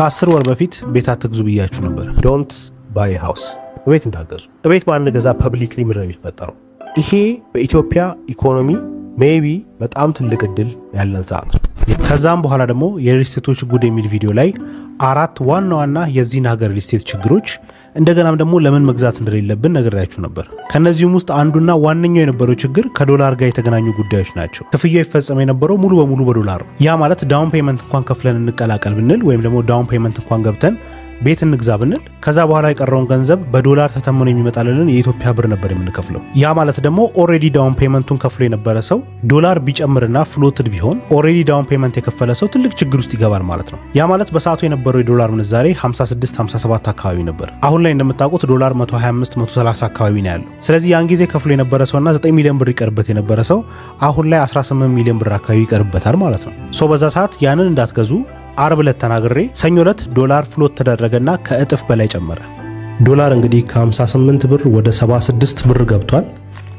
ከአስር ወር በፊት ቤት አትግዙ ብያችሁ ነበር። ዶንት ባይ ሃውስ እቤት እንዳገዙ እቤት ባንገዛ ፐብሊክሊ ምድር የሚፈጠረው ይሄ በኢትዮጵያ ኢኮኖሚ ሜቢ በጣም ትልቅ እድል ያለን ሰዓት ነው። ከዛም በኋላ ደግሞ የሪል ጉድ የሚል ቪዲዮ ላይ አራት ዋና ዋና የዚህን ሀገር ሪል ችግሮች እንደገናም ደግሞ ለምን መግዛት እንደሌለብን ነግሬያችሁ ነበር። ከነዚህም ውስጥ አንዱና ዋነኛው የነበረው ችግር ከዶላር ጋር የተገናኙ ጉዳዮች ናቸው። ክፍያው ይፈጸም የነበረው ሙሉ በሙሉ በዶላር ነው። ያ ማለት ዳውን ፔመንት እንኳን ከፍለን እንቀላቀል ብንል ወይም ደግሞ ዳውን ፔመንት እንኳን ገብተን ቤት እንግዛ ብንል ከዛ በኋላ የቀረውን ገንዘብ በዶላር ተተምኖ የሚመጣልንን የኢትዮጵያ ብር ነበር የምንከፍለው። ያ ማለት ደግሞ ኦሬዲ ዳውን ፔመንቱን ከፍሎ የነበረ ሰው ዶላር ቢጨምርና ፍሎትድ ቢሆን ኦሬዲ ዳውን ፔመንት የከፈለ ሰው ትልቅ ችግር ውስጥ ይገባል ማለት ነው። ያ ማለት በሰዓቱ የነበረው የዶላር ምንዛሬ 56 57 አካባቢ ነበር። አሁን ላይ እንደምታውቁት ዶላር 125 130 አካባቢ ነው ያለው። ስለዚህ ያን ጊዜ ከፍሎ የነበረ ሰውና 9 ሚሊዮን ብር ይቀርበት የነበረ ሰው አሁን ላይ 18 ሚሊዮን ብር አካባቢ ይቀርበታል ማለት ነው። ሶ በዛ ሰዓት ያንን እንዳትገዙ አርብ ዕለት ተናግሬ ሰኞ ዕለት ዶላር ፍሎት ተደረገና ከእጥፍ በላይ ጨመረ። ዶላር እንግዲህ ከ58 ብር ወደ 76 ብር ገብቷል።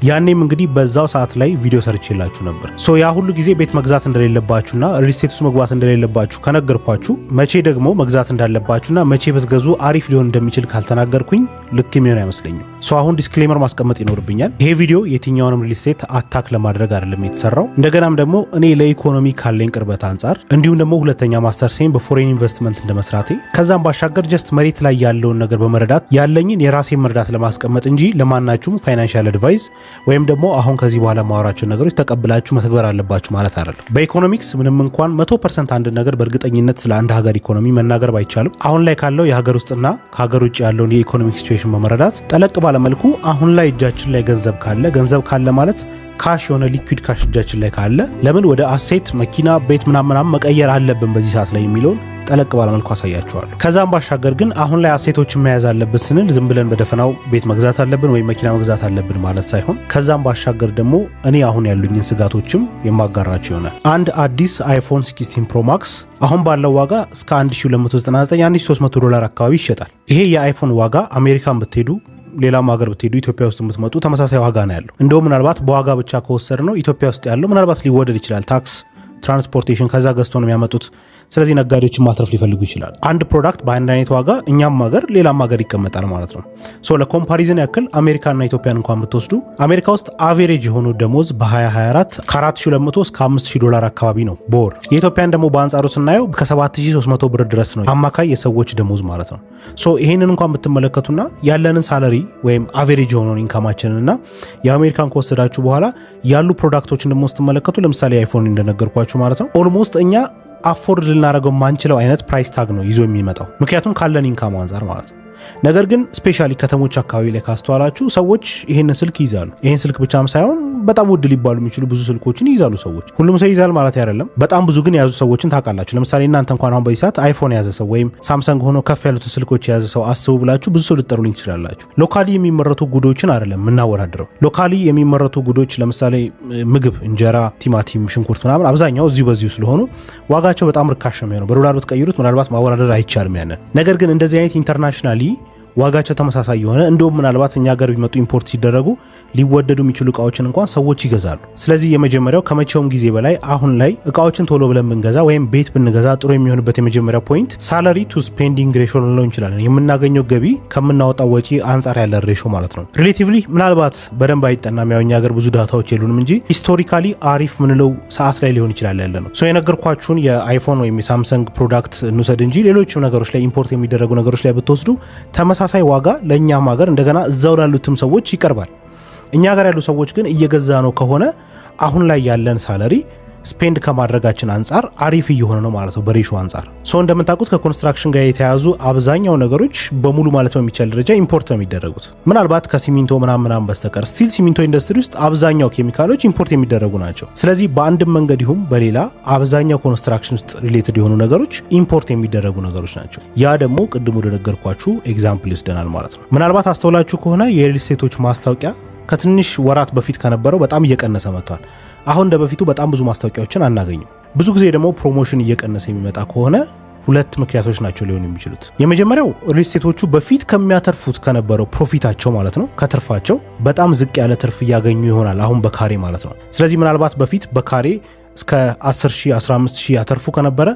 ያኔም እንግዲህ በዛው ሰዓት ላይ ቪዲዮ ሰርቼላችሁ ነበር። ሶ ያ ሁሉ ጊዜ ቤት መግዛት እንደሌለባችሁና ሪልስቴት መግባት እንደሌለባችሁ ከነገርኳችሁ መቼ ደግሞ መግዛት እንዳለባችሁና መቼ ብትገዙ አሪፍ ሊሆን እንደሚችል ካልተናገርኩኝ ልክ የሚሆን አይመስለኝም። ሶ አሁን ዲስክሌመር ማስቀመጥ ይኖርብኛል። ይሄ ቪዲዮ የትኛውንም ሪልስቴት አታክ ለማድረግ አይደለም የተሰራው። እንደገናም ደግሞ እኔ ለኢኮኖሚ ካለኝ ቅርበት አንጻር እንዲሁም ደግሞ ሁለተኛ ማስተር ሴን በፎሬን ኢንቨስትመንት እንደመስራቴ ከዛም ባሻገር ጀስት መሬት ላይ ያለውን ነገር በመረዳት ያለኝን የራሴን መረዳት ለማስቀመጥ እንጂ ለማናችሁም ፋይናንሻል አድቫይዝ ወይም ደግሞ አሁን ከዚህ በኋላ ማወራቸውን ነገሮች ተቀብላችሁ መተግበር አለባችሁ ማለት አይደለም። በኢኮኖሚክስ ምንም እንኳን መቶ ፐርሰንት አንድ ነገር በእርግጠኝነት ስለ አንድ ሀገር ኢኮኖሚ መናገር ባይቻልም አሁን ላይ ካለው የሀገር ውስጥና ከሀገር ውጭ ያለውን የኢኮኖሚክ ሲቹዌሽን በመረዳት ጠለቅ ባለመልኩ አሁን ላይ እጃችን ላይ ገንዘብ ካለ ገንዘብ ካለ ማለት ካሽ የሆነ ሊኩድ ካሽ እጃችን ላይ ካለ ለምን ወደ አሴት መኪና፣ ቤት ምናምናም መቀየር አለብን በዚህ ሰዓት ላይ የሚለውን ጠለቅ ባለ መልኩ አሳያችኋለሁ። ከዛም ባሻገር ግን አሁን ላይ አሴቶችን መያዝ አለብን ስንል ዝም ብለን በደፈናው ቤት መግዛት አለብን ወይም መኪና መግዛት አለብን ማለት ሳይሆን ከዛም ባሻገር ደግሞ እኔ አሁን ያሉኝን ስጋቶችም የማጋራቸው ይሆናል። አንድ አዲስ አይፎን 16 ፕሮ ማክስ አሁን ባለው ዋጋ እስከ 1299 1300 ዶላር አካባቢ ይሸጣል። ይሄ የአይፎን ዋጋ አሜሪካን ብትሄዱ ሌላም ሀገር ብትሄዱ ኢትዮጵያ ውስጥ የምትመጡ ተመሳሳይ ዋጋ ነው ያለው። እንደውም ምናልባት በዋጋ ብቻ ከወሰድ ነው ኢትዮጵያ ውስጥ ያለው ምናልባት ሊወደድ ይችላል። ታክስ፣ ትራንስፖርቴሽን ከዛ ገዝቶ ነው የሚያመጡት ስለዚህ ነጋዴዎችን ማትረፍ ሊፈልጉ ይችላል። አንድ ፕሮዳክት በአንድ አይነት ዋጋ እኛም ሀገር ሌላም ሀገር ይቀመጣል ማለት ነው። ሶ ለኮምፓሪዝን ያክል አሜሪካና ኢትዮጵያን እንኳን ብትወስዱ አሜሪካ ውስጥ አቬሬጅ የሆነው ደሞዝ በ2024 ከ4200 እስከ 5000 ዶላር አካባቢ ነው በወር። የኢትዮጵያን ደግሞ በአንጻሩ ስናየው ከ7300 ብር ድረስ ነው አማካይ የሰዎች ደሞዝ ማለት ነው። ሶ ይህንን እንኳን ብትመለከቱና ያለንን ሳለሪ ወይም አቬሬጅ የሆነውን ኢንካማችንንና የአሜሪካን ከወሰዳችሁ በኋላ ያሉ ፕሮዳክቶችን ደግሞ ስትመለከቱ ለምሳሌ አይፎን እንደነገርኳችሁ ማለት ነው ኦልሞስት እኛ አፎርድ ልናደረገው ማንችለው አይነት ፕራይስ ታግ ነው ይዞ የሚመጣው ምክንያቱም ካለን ኢንካም አንጻር ማለት ነው። ነገር ግን ስፔሻሊ ከተሞች አካባቢ ላይ ካስተዋላችሁ ሰዎች ይህን ስልክ ይይዛሉ። ይህን ስልክ ብቻም ሳይሆን በጣም ውድ ሊባሉ የሚችሉ ብዙ ስልኮችን ይይዛሉ ሰዎች። ሁሉም ሰው ይይዛል ማለት አይደለም። በጣም ብዙ ግን የያዙ ሰዎችን ታውቃላችሁ። ለምሳሌ እናንተ እንኳን አሁን በዚህ ሰዓት አይፎን የያዘ ሰው ወይም ሳምሰንግ ሆኖ ከፍ ያሉትን ስልኮች የያዘ ሰው አስቡ ብላችሁ ብዙ ሰው ልጠሩልኝ ትችላላችሁ። ሎካሊ የሚመረቱ ጉዶችን አይደለም የምናወዳድረው። ሎካሊ የሚመረቱ ጉዶች ለምሳሌ ምግብ፣ እንጀራ፣ ቲማቲም፣ ሽንኩርት ምናምን አብዛኛው እዚሁ በዚሁ ስለሆኑ ዋጋቸው በጣም ርካሽ ነው የሚሆነው። በዶላር ብትቀይሩት ምናልባት ማወዳደር አይቻልም ያንን ነገር ግን እንደዚህ አይነት ኢንተርናሽናሊ ዋጋቸው ተመሳሳይ የሆነ እንደውም ምናልባት እኛ ሀገር ቢመጡ ኢምፖርት ሲደረጉ ሊወደዱ የሚችሉ እቃዎችን እንኳን ሰዎች ይገዛሉ። ስለዚህ የመጀመሪያው ከመቼውም ጊዜ በላይ አሁን ላይ እቃዎችን ቶሎ ብለን ብንገዛ ወይም ቤት ብንገዛ ጥሩ የሚሆንበት የመጀመሪያ ፖይንት ሳላሪ ቱ ስፔንዲንግ ሬሾ ልንለው እንችላለን። የምናገኘው ገቢ ከምናወጣው ወጪ አንጻር ያለ ሬሾ ማለት ነው። ሪሌቲቭሊ ምናልባት በደንብ አይጠናም። ያው እኛ ሀገር ብዙ ዳታዎች የሉንም እንጂ ሂስቶሪካሊ አሪፍ ምንለው ሰዓት ላይ ሊሆን ይችላል ያለ ነው። ሶ የነገርኳችሁን የአይፎን ወይም የሳምሰንግ ፕሮዳክት እንውሰድ እንጂ ሌሎችም ነገሮች ላይ ኢምፖርት የሚደረጉ ነገሮች ላይ ብትወስዱ ተመሳ በተመሳሳይ ዋጋ ለእኛም ሀገር እንደገና እዛው ላሉትም ሰዎች ይቀርባል። እኛ ጋር ያሉ ሰዎች ግን እየገዛ ነው ከሆነ አሁን ላይ ያለን ሳለሪ ስፔንድ ከማድረጋችን አንጻር አሪፍ እየሆነ ነው ማለት ነው በሬሾ አንጻር። ሶ እንደምታውቁት ከኮንስትራክሽን ጋር የተያያዙ አብዛኛው ነገሮች በሙሉ ማለት በሚቻል ደረጃ ኢምፖርት ነው የሚደረጉት፣ ምናልባት ከሲሚንቶ ምናምን ምናምን በስተቀር ስቲል ሲሚንቶ ኢንዱስትሪ ውስጥ አብዛኛው ኬሚካሎች ኢምፖርት የሚደረጉ ናቸው። ስለዚህ በአንድም መንገድ ይሁን በሌላ አብዛኛው ኮንስትራክሽን ውስጥ ሪሌትድ የሆኑ ነገሮች ኢምፖርት የሚደረጉ ነገሮች ናቸው። ያ ደግሞ ቅድሙ እንደነገርኳችሁ ኤግዛምፕል ይወስደናል ማለት ነው። ምናልባት አስተውላችሁ ከሆነ የሪል ስቴቶች ማስታወቂያ ከትንሽ ወራት በፊት ከነበረው በጣም እየቀነሰ መጥቷል። አሁን እንደ በፊቱ በጣም ብዙ ማስታወቂያዎችን አናገኝም። ብዙ ጊዜ ደግሞ ፕሮሞሽን እየቀነሰ የሚመጣ ከሆነ ሁለት ምክንያቶች ናቸው ሊሆኑ የሚችሉት። የመጀመሪያው ሪልስቴቶቹ በፊት ከሚያተርፉት ከነበረው ፕሮፊታቸው ማለት ነው ከትርፋቸው በጣም ዝቅ ያለ ትርፍ እያገኙ ይሆናል አሁን በካሬ ማለት ነው። ስለዚህ ምናልባት በፊት በካሬ እስከ 10 15000 ያተርፉ ከነበረ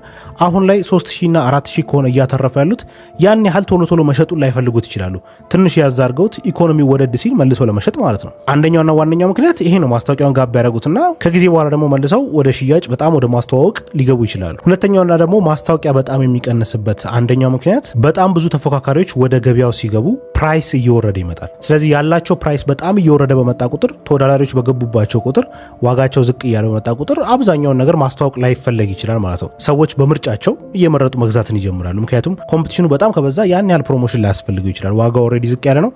አሁን ላይ 3000 እና 4000 ከሆነ እያተረፉ ያሉት ያን ያህል ቶሎ ቶሎ መሸጡን ላይፈልጉት ይችላሉ። ትንሽ ያዝ አድርገውት ኢኮኖሚው ወደድ ሲል መልሶ ለመሸጥ ማለት ነው። አንደኛውና ዋነኛው ምክንያት ይሄ ነው። ማስታወቂያውን ጋብ ያደረጉትና ከጊዜ በኋላ ደግሞ መልሰው ወደ ሽያጭ በጣም ወደ ማስተዋወቅ ሊገቡ ይችላሉ። ሁለተኛውና ደግሞ ማስታወቂያ በጣም የሚቀንስበት አንደኛው ምክንያት በጣም ብዙ ተፎካካሪዎች ወደ ገበያው ሲገቡ ፕራይስ እየወረደ ይመጣል። ስለዚህ ያላቸው ፕራይስ በጣም እየወረደ በመጣ ቁጥር፣ ተወዳዳሪዎች በገቡባቸው ቁጥር፣ ዋጋቸው ዝቅ እያለ በመጣ ቁጥር አብዛኛውን ነገር ማስተዋወቅ ላይፈለግ ይችላል ማለት ነው። ሰዎች በምርጫቸው እየመረጡ መግዛትን ይጀምራሉ። ምክንያቱም ኮምፒቲሽኑ በጣም ከበዛ ያን ያህል ፕሮሞሽን ላያስፈልገው ይችላል። ዋጋ ኦልሬዲ ዝቅ ያለ ነው።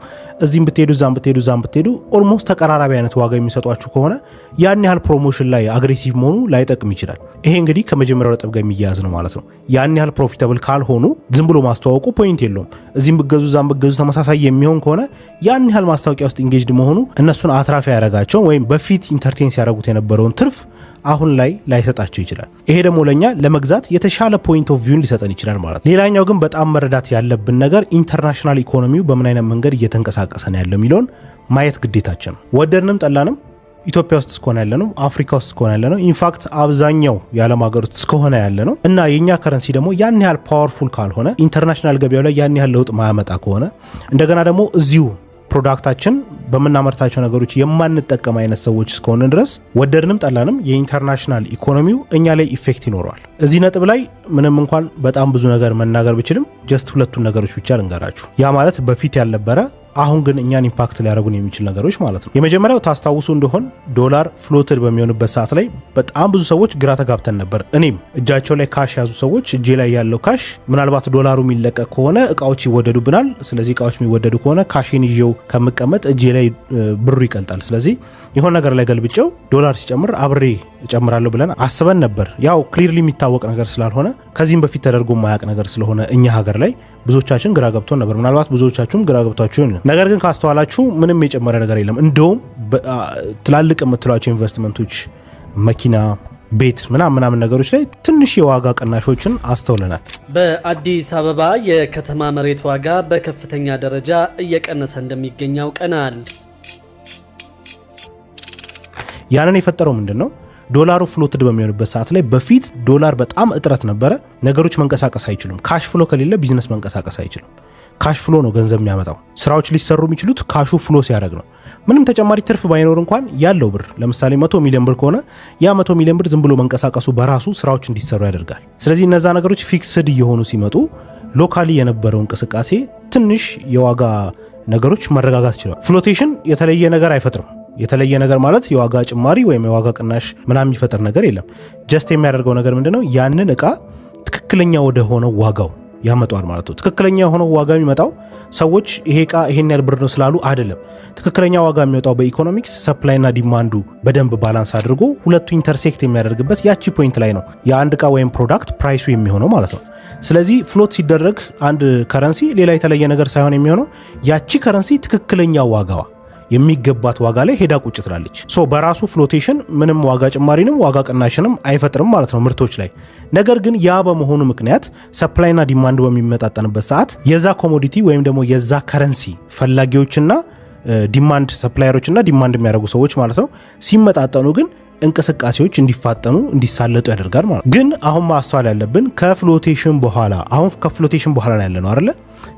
እዚህም ብትሄዱ እዛም ብትሄዱ እዛም ብትሄዱ ኦልሞስት ተቀራራቢ አይነት ዋጋ የሚሰጧችሁ ከሆነ ያን ያህል ፕሮሞሽን ላይ አግሬሲቭ መሆኑ ላይጠቅም ይችላል። ይሄ እንግዲህ ከመጀመሪያው ነጥብ ጋር የሚያያዝ ነው ማለት ነው። ያን ያህል ፕሮፊታብል ካልሆኑ ዝም ብሎ ማስተዋወቁ ፖይንት የለውም። እዚህም ብገዙ እዛም ብገዙ ተመሳሳይ የሚሆን ከሆነ ያን ያህል ማስታወቂያ ውስጥ ኢንጌጅድ መሆኑ እነሱን አትራፊ ያደረጋቸውን ወይም በፊት ኢንተርቴን ሲያደረጉት የነበረውን ትርፍ አሁን ላይ ላይሰጣቸው ይችላል። ይሄ ደግሞ ለእኛ ለመግዛት የተሻለ ፖይንት ኦፍ ቪውን ሊሰጠን ይችላል ማለት ነው። ሌላኛው ግን በጣም መረዳት ያለብን ነገር ኢንተርናሽናል ኢኮኖሚው በምን አይነት መንገድ እየተንቀሳቀሰ ነው ያለው የሚለውን ማየት ግዴታችን ነው። ወደድንም ጠላንም ኢትዮጵያ ውስጥ እስከሆነ ያለ ነው፣ አፍሪካ ውስጥ እስከሆነ ያለ ነው፣ ኢንፋክት አብዛኛው የዓለም ሀገር ውስጥ እስከሆነ ያለ ነው እና የእኛ ከረንሲ ደግሞ ያን ያህል ፓወርፉል ካልሆነ ኢንተርናሽናል ገበያው ላይ ያን ያህል ለውጥ ማያመጣ ከሆነ እንደገና ደግሞ እዚሁ ፕሮዳክታችን በምናመርታቸው ነገሮች የማንጠቀም አይነት ሰዎች እስከሆነ ድረስ ወደድንም ጠላንም የኢንተርናሽናል ኢኮኖሚው እኛ ላይ ኢፌክት ይኖረዋል። እዚህ ነጥብ ላይ ምንም እንኳን በጣም ብዙ ነገር መናገር ብችልም ጀስት ሁለቱን ነገሮች ብቻ ልንገራችሁ። ያ ማለት በፊት ያልነበረ አሁን ግን እኛን ኢምፓክት ሊያደርጉን የሚችል ነገሮች ማለት ነው። የመጀመሪያው ታስታውሱ እንደሆን ዶላር ፍሎትድ በሚሆንበት ሰዓት ላይ በጣም ብዙ ሰዎች ግራ ተጋብተን ነበር። እኔም እጃቸው ላይ ካሽ ያዙ ሰዎች እጄ ላይ ያለው ካሽ ምናልባት ዶላሩ የሚለቀቅ ከሆነ እቃዎች ይወደዱብናል። ስለዚህ እቃዎች የሚወደዱ ከሆነ ካሽን ይዤው ከምቀመጥ እጄ ላይ ብሩ ይቀልጣል። ስለዚህ የሆነ ነገር ላይ ገልብጨው ዶላር ሲጨምር አብሬ እጨምራለሁ ብለን አስበን ነበር። ያው ክሊርሊ የሚታወቅ ነገር ስላልሆነ ከዚህም በፊት ተደርጎ ማያቅ ነገር ስለሆነ እኛ ሀገር ላይ ብዙዎቻችን ግራ ገብቶን ነበር። ምናልባት ብዙዎቻችሁም ግራ ገብቷችሁ ነገር ግን ካስተዋላችሁ ምንም የጨመረ ነገር የለም። እንደውም ትላልቅ የምትሏቸው ኢንቨስትመንቶች መኪና ቤት ምናምን ምናምን ነገሮች ላይ ትንሽ የዋጋ ቅናሾችን አስተውለናል። በአዲስ አበባ የከተማ መሬት ዋጋ በከፍተኛ ደረጃ እየቀነሰ እንደሚገኝ አውቀናል። ያንን የፈጠረው ምንድን ነው? ዶላሩ ፍሎትድ በሚሆንበት ሰዓት ላይ በፊት ዶላር በጣም እጥረት ነበረ። ነገሮች መንቀሳቀስ አይችሉም። ካሽ ፍሎ ከሌለ ቢዝነስ መንቀሳቀስ አይችልም። ካሽ ፍሎ ነው ገንዘብ የሚያመጣው። ስራዎች ሊሰሩ የሚችሉት ካሹ ፍሎ ሲያደርግ ነው። ምንም ተጨማሪ ትርፍ ባይኖር እንኳን ያለው ብር ለምሳሌ መቶ ሚሊዮን ብር ከሆነ ያ መቶ ሚሊዮን ብር ዝም ብሎ መንቀሳቀሱ በራሱ ስራዎች እንዲሰሩ ያደርጋል። ስለዚህ እነዛ ነገሮች ፊክስድ እየሆኑ ሲመጡ ሎካሊ የነበረው እንቅስቃሴ ትንሽ የዋጋ ነገሮች መረጋጋት ችሏል። ፍሎቴሽን የተለየ ነገር አይፈጥርም። የተለየ ነገር ማለት የዋጋ ጭማሪ ወይም የዋጋ ቅናሽ ምናምን የሚፈጠር ነገር የለም። ጀስት የሚያደርገው ነገር ምንድነው? ያንን እቃ ትክክለኛ ወደ ሆነው ዋጋው ያመጧል ማለት ነው። ትክክለኛ የሆነው ዋጋ የሚመጣው ሰዎች ይሄ እቃ ይሄን ያህል ብር ነው ስላሉ አይደለም። ትክክለኛ ዋጋ የሚወጣው በኢኮኖሚክስ ሰፕላይና ዲማንዱ በደንብ ባላንስ አድርጎ ሁለቱ ኢንተርሴክት የሚያደርግበት ያቺ ፖይንት ላይ ነው የአንድ እቃ ወይም ፕሮዳክት ፕራይሱ የሚሆነው ማለት ነው። ስለዚህ ፍሎት ሲደረግ አንድ ከረንሲ ሌላ የተለየ ነገር ሳይሆን የሚሆነው ያቺ ከረንሲ ትክክለኛ ዋጋዋ የሚገባት ዋጋ ላይ ሄዳ ቁጭ ትላለች። ሶ በራሱ ፍሎቴሽን ምንም ዋጋ ጭማሪንም ዋጋ ቅናሽንም አይፈጥርም ማለት ነው ምርቶች ላይ። ነገር ግን ያ በመሆኑ ምክንያት ሰፕላይና ዲማንድ በሚመጣጠንበት ሰዓት የዛ ኮሞዲቲ ወይም ደግሞ የዛ ከረንሲ ፈላጊዎችና ዲማንድ ሰፕላየሮችና ዲማንድ የሚያደርጉ ሰዎች ማለት ነው ሲመጣጠኑ ግን እንቅስቃሴዎች እንዲፋጠኑ እንዲሳለጡ ያደርጋል ማለት ነው። ግን አሁን ማስተዋል ያለብን ከፍሎቴሽን በኋላ አሁን ከፍሎቴሽን በኋላ ነው ያለ ነው አይደለ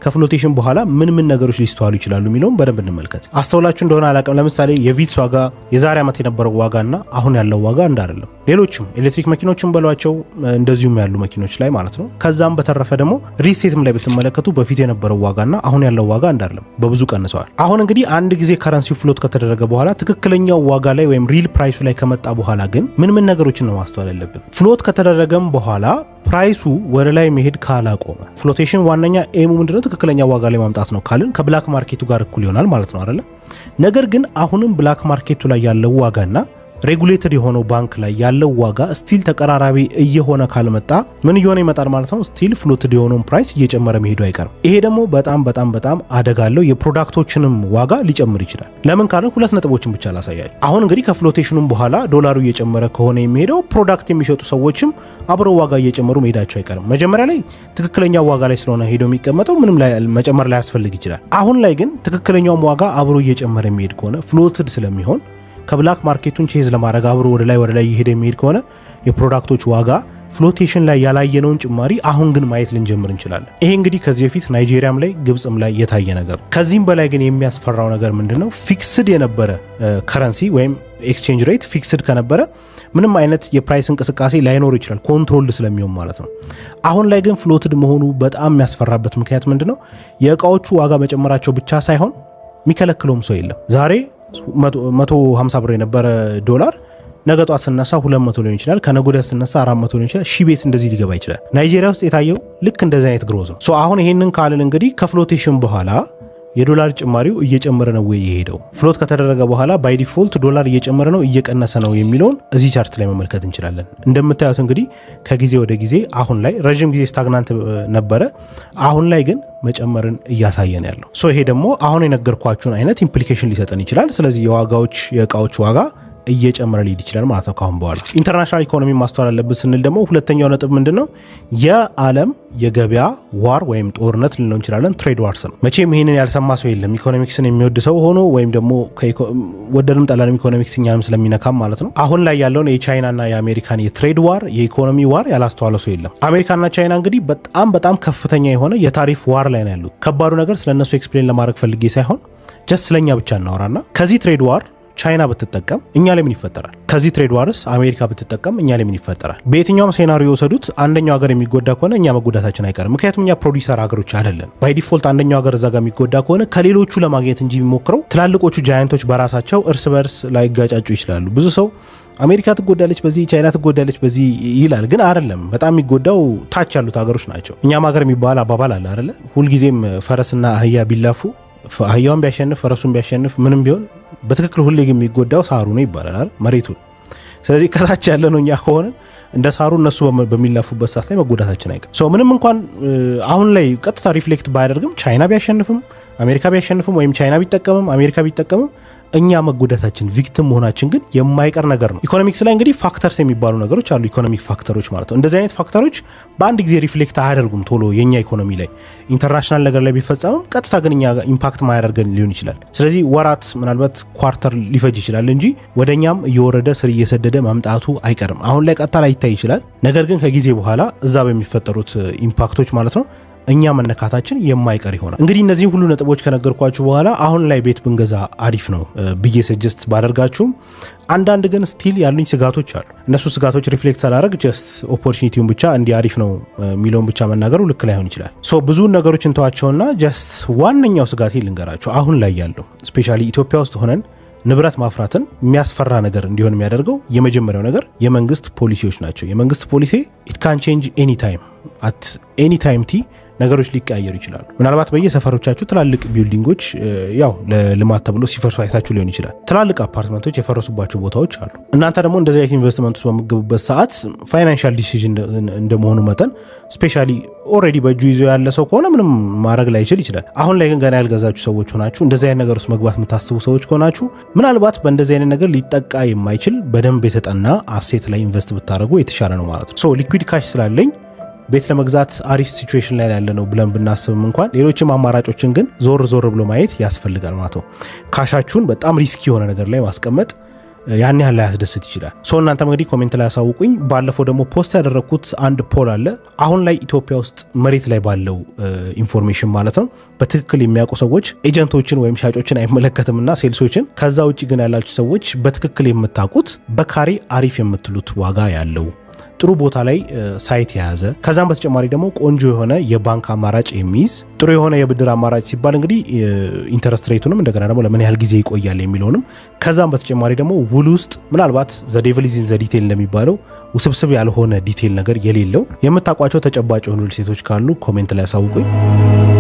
ከፍሎቴሽን በኋላ ምን ምን ነገሮች ሊስተዋሉ ይችላሉ የሚለውን በደንብ እንመልከት። አስተውላችሁ እንደሆነ አላውቅም፣ ለምሳሌ የቪትስ ዋጋ የዛሬ ዓመት የነበረው ዋጋና አሁን ያለው ዋጋ እንደ አይደለም። ሌሎችም ኤሌክትሪክ መኪኖችን በሏቸው እንደዚሁም ያሉ መኪኖች ላይ ማለት ነው። ከዛም በተረፈ ደግሞ ሪስቴትም ላይ ብትመለከቱ በፊት የነበረው ዋጋና አሁን ያለው ዋጋ እንደ አይደለም፣ በብዙ ቀንሰዋል። አሁን እንግዲህ አንድ ጊዜ ከረንሲው ፍሎት ከተደረገ በኋላ ትክክለኛው ዋጋ ላይ ወይም ሪል ፕራይሱ ላይ ከመጣ በኋላ ግን ምን ምን ነገሮችን ነው ማስተዋል ያለብን? ፍሎት ከተደረገም በኋላ ፕራይሱ ወደ ላይ መሄድ ካላቆመ ፍሎቴሽን ዋነኛ ኤሙ ምንድነው? ትክክለኛ ዋጋ ላይ ማምጣት ነው ካልን ከብላክ ማርኬቱ ጋር እኩል ይሆናል ማለት ነው አይደለ? ነገር ግን አሁንም ብላክ ማርኬቱ ላይ ያለው ዋጋና ሬጉሌተድ የሆነው ባንክ ላይ ያለው ዋጋ ስቲል ተቀራራቢ እየሆነ ካልመጣ ምን እየሆነ ይመጣል ማለት ነው። ስቲል ፍሎትድ የሆነውን ፕራይስ እየጨመረ መሄዱ አይቀርም። ይሄ ደግሞ በጣም በጣም በጣም አደጋ አለው። የፕሮዳክቶችንም ዋጋ ሊጨምር ይችላል። ለምን ካለ ሁለት ነጥቦችን ብቻ ላሳያል። አሁን እንግዲህ ከፍሎቴሽኑም በኋላ ዶላሩ እየጨመረ ከሆነ የሚሄደው ፕሮዳክት የሚሸጡ ሰዎችም አብረው ዋጋ እየጨመሩ መሄዳቸው አይቀርም። መጀመሪያ ላይ ትክክለኛ ዋጋ ላይ ስለሆነ ሄደው የሚቀመጠው ምንም መጨመር ላያስፈልግ ይችላል። አሁን ላይ ግን ትክክለኛውም ዋጋ አብሮ እየጨመረ የሚሄድ ከሆነ ፍሎትድ ስለሚሆን ከብላክ ማርኬቱን ቼዝ ለማድረግ አብሮ ወደ ላይ ወደ ላይ እየሄደ የሚሄድ ከሆነ የፕሮዳክቶች ዋጋ ፍሎቴሽን ላይ ያላየነውን ጭማሪ አሁን ግን ማየት ልንጀምር እንችላለን። ይሄ እንግዲህ ከዚህ በፊት ናይጄሪያም ላይ ግብፅም ላይ የታየ ነገር ነው። ከዚህም በላይ ግን የሚያስፈራው ነገር ምንድን ነው? ፊክስድ የነበረ ከረንሲ ወይም ኤክስቼንጅ ሬት ፊክስድ ከነበረ ምንም አይነት የፕራይስ እንቅስቃሴ ላይኖር ይችላል፣ ኮንትሮል ስለሚሆን ማለት ነው። አሁን ላይ ግን ፍሎትድ መሆኑ በጣም የሚያስፈራበት ምክንያት ምንድን ነው? የእቃዎቹ ዋጋ መጨመራቸው ብቻ ሳይሆን የሚከለክለውም ሰው የለም ዛሬ 150 ብር የነበረ ዶላር ነገ ጧት ስነሳ 200 ሊሆን ይችላል። ከነገ ስነሳ 400 ሊሆን ይችላል። ሺ ቤት እንደዚህ ሊገባ ይችላል። ናይጄሪያ ውስጥ የታየው ልክ እንደዚህ አይነት ግሮዝ ነው። አሁን ይሄንን ካልን እንግዲህ ከፍሎቴሽን በኋላ የዶላር ጭማሪው እየጨመረ ነው ወይ የሄደው? ፍሎት ከተደረገ በኋላ ባይ ዲፎልት ዶላር እየጨመረ ነው እየቀነሰ ነው የሚለውን እዚህ ቻርት ላይ መመልከት እንችላለን። እንደምታዩት እንግዲህ ከጊዜ ወደ ጊዜ አሁን ላይ ረዥም ጊዜ ስታግናንት ነበረ። አሁን ላይ ግን መጨመርን እያሳየን ያለው ሶ ይሄ ደግሞ አሁን የነገርኳችሁን አይነት ኢምፕሊኬሽን ሊሰጠን ይችላል። ስለዚህ የዋጋዎች የእቃዎች ዋጋ እየጨመረ ሊሄድ ይችላል ማለት ነው ካሁን በኋላ። ኢንተርናሽናል ኢኮኖሚ ማስተዋል አለብን ስንል ደግሞ ሁለተኛው ነጥብ ምንድን ነው? የዓለም የገበያ ዋር ወይም ጦርነት ልንለው እንችላለን። ትሬድ ዋርስ ነው። መቼም ይህንን ያልሰማ ሰው የለም። ኢኮኖሚክስን የሚወድ ሰው ሆኖ ወይም ደግሞ ወደንም ጠላንም ኢኮኖሚክስ እኛንም ስለሚነካም ማለት ነው። አሁን ላይ ያለውን የቻይናና የአሜሪካን የትሬድ ዋር የኢኮኖሚ ዋር ያላስተዋለ ሰው የለም። አሜሪካና ቻይና እንግዲህ በጣም በጣም ከፍተኛ የሆነ የታሪፍ ዋር ላይ ነው ያሉት። ከባዱ ነገር ስለነሱ ኤክስፕሌን ለማድረግ ፈልጌ ሳይሆን ጀስት ስለኛ ብቻ እናወራና ከዚህ ትሬድ ዋር ቻይና ብትጠቀም እኛ ላይ ምን ይፈጠራል? ከዚህ ትሬድ ዋርስ አሜሪካ ብትጠቀም እኛ ላይ ምን ይፈጠራል? በየትኛውም ሴናሪዮ የወሰዱት አንደኛው ሀገር የሚጎዳ ከሆነ እኛ መጎዳታችን አይቀርም። ምክንያቱም እኛ ፕሮዲሰር ሀገሮች አይደለን። ባይ ዲፎልት አንደኛው ሀገር እዛ ጋር የሚጎዳ ከሆነ ከሌሎቹ ለማግኘት እንጂ የሚሞክረው ትላልቆቹ ጃያንቶች በራሳቸው እርስ በርስ ላይጋጫጩ ይችላሉ። ብዙ ሰው አሜሪካ ትጎዳለች በዚህ ቻይና ትጎዳለች በዚህ ይላል፣ ግን አይደለም። በጣም የሚጎዳው ታች ያሉት ሀገሮች ናቸው። እኛም ሀገር የሚባል አባባል አለ አይደለ? ሁልጊዜም ፈረስና አህያ ቢላፉ አህያውን ቢያሸንፍ ፈረሱን ቢያሸንፍ ምንም ቢሆን በትክክል ሁሌ የሚጎዳው ሳሩ ነው ይባላል፣ መሬቱን። ስለዚህ ከታች ያለ ነው እኛ ከሆነ እንደ ሳሩ እነሱ በሚላፉበት ሰዓት ላይ መጎዳታችን አይቀር። ምንም እንኳን አሁን ላይ ቀጥታ ሪፍሌክት ባያደርግም ቻይና ቢያሸንፍም አሜሪካ ቢያሸንፍም ወይም ቻይና ቢጠቀምም አሜሪካ ቢጠቀምም እኛ መጎዳታችን ቪክቲም መሆናችን ግን የማይቀር ነገር ነው። ኢኮኖሚክስ ላይ እንግዲህ ፋክተርስ የሚባሉ ነገሮች አሉ። ኢኮኖሚክ ፋክተሮች ማለት ነው። እንደዚህ አይነት ፋክተሮች በአንድ ጊዜ ሪፍሌክት አያደርጉም ቶሎ የእኛ ኢኮኖሚ ላይ ኢንተርናሽናል ነገር ላይ ቢፈጸምም ቀጥታ ግን እኛ ኢምፓክት ማያደርገን ሊሆን ይችላል። ስለዚህ ወራት ምናልባት ኳርተር ሊፈጅ ይችላል እንጂ ወደ እኛም እየወረደ ስር እየሰደደ ማምጣቱ አይቀርም። አሁን ላይ ቀጥታ ላይ ይታይ ይችላል። ነገር ግን ከጊዜ በኋላ እዛ በሚፈጠሩት ኢምፓክቶች ማለት ነው እኛ መነካታችን የማይቀር ይሆናል። እንግዲህ እነዚህም ሁሉ ነጥቦች ከነገርኳችሁ በኋላ አሁን ላይ ቤት ብንገዛ አሪፍ ነው ብዬ ሰጀስት ባደርጋችሁም አንዳንድ ግን ስቲል ያሉኝ ስጋቶች አሉ። እነሱ ስጋቶች ሪፍሌክት አላረግ ጀስት ኦፖርቹኒቲውን ብቻ እንዲህ አሪፍ ነው የሚለውን ብቻ መናገሩ ልክ ላይሆን ይችላል። ሶ ብዙ ነገሮች እንተዋቸውና ጀስት ዋነኛው ስጋት ልንገራችሁ። አሁን ላይ ያለው ስፔሻሊ ኢትዮጵያ ውስጥ ሆነን ንብረት ማፍራትን የሚያስፈራ ነገር እንዲሆን የሚያደርገው የመጀመሪያው ነገር የመንግስት ፖሊሲዎች ናቸው። የመንግስት ፖሊሲ ኢት ካን ቼንጅ ኤኒ ታይም አት ኤኒ ታይም ቲ ነገሮች ሊቀያየሩ ይችላሉ። ምናልባት በየሰፈሮቻችሁ ትላልቅ ቢልዲንጎች ያው ለልማት ተብሎ ሲፈርሱ አይታችሁ ሊሆን ይችላል። ትላልቅ አፓርትመንቶች የፈረሱባቸው ቦታዎች አሉ። እናንተ ደግሞ እንደዚህ አይነት ኢንቨስትመንት ውስጥ በምገቡበት ሰዓት ፋይናንሻል ዲሲዥን እንደመሆኑ መጠን ስፔሻሊ ኦልሬዲ በእጁ ይዞ ያለ ሰው ከሆነ ምንም ማድረግ ላይችል ይችላል። አሁን ላይ ግን ገና ያልገዛችሁ ሰዎች ሆናችሁ እንደዚህ አይነት ነገር ውስጥ መግባት የምታስቡ ሰዎች ከሆናችሁ ምናልባት በእንደዚህ አይነት ነገር ሊጠቃ የማይችል በደንብ የተጠና አሴት ላይ ኢንቨስት ብታደርጉ የተሻለ ነው ማለት ነው። ሶ ሊኩዊድ ካሽ ስላለኝ ቤት ለመግዛት አሪፍ ሲቹዌሽን ላይ ያለ ነው ብለን ብናስብም እንኳን ሌሎችም አማራጮችን ግን ዞር ዞር ብሎ ማየት ያስፈልጋል ማለት ነው። ካሻችሁን በጣም ሪስኪ የሆነ ነገር ላይ ማስቀመጥ ያን ያህል ላያስደስት ይችላል። ሶ እናንተም እንግዲህ ኮሜንት ላይ ያሳውቁኝ። ባለፈው ደግሞ ፖስት ያደረግኩት አንድ ፖል አለ። አሁን ላይ ኢትዮጵያ ውስጥ መሬት ላይ ባለው ኢንፎርሜሽን uh, ማለት ነው በትክክል የሚያውቁ ሰዎች ኤጀንቶችን ወይም ሻጮችን አይመለከትምና ሴልሶችን። ከዛ ውጭ ግን ያላችሁ ሰዎች በትክክል የምታውቁት በካሬ አሪፍ የምትሉት ዋጋ ያለው ጥሩ ቦታ ላይ ሳይት የያዘ ከዛም በተጨማሪ ደግሞ ቆንጆ የሆነ የባንክ አማራጭ የሚይዝ ጥሩ የሆነ የብድር አማራጭ ሲባል እንግዲህ ኢንተረስት ሬቱንም እንደገና ደግሞ ለምን ያህል ጊዜ ይቆያል የሚለውንም ከዛም በተጨማሪ ደግሞ ውል ውስጥ ምናልባት ዘዴቨሊዝን ዘዲቴል እንደሚባለው ውስብስብ ያልሆነ ዲቴል ነገር የሌለው የምታውቋቸው ተጨባጭ የሆኑ ሴቶች ካሉ ኮሜንት ላይ አሳውቁኝ።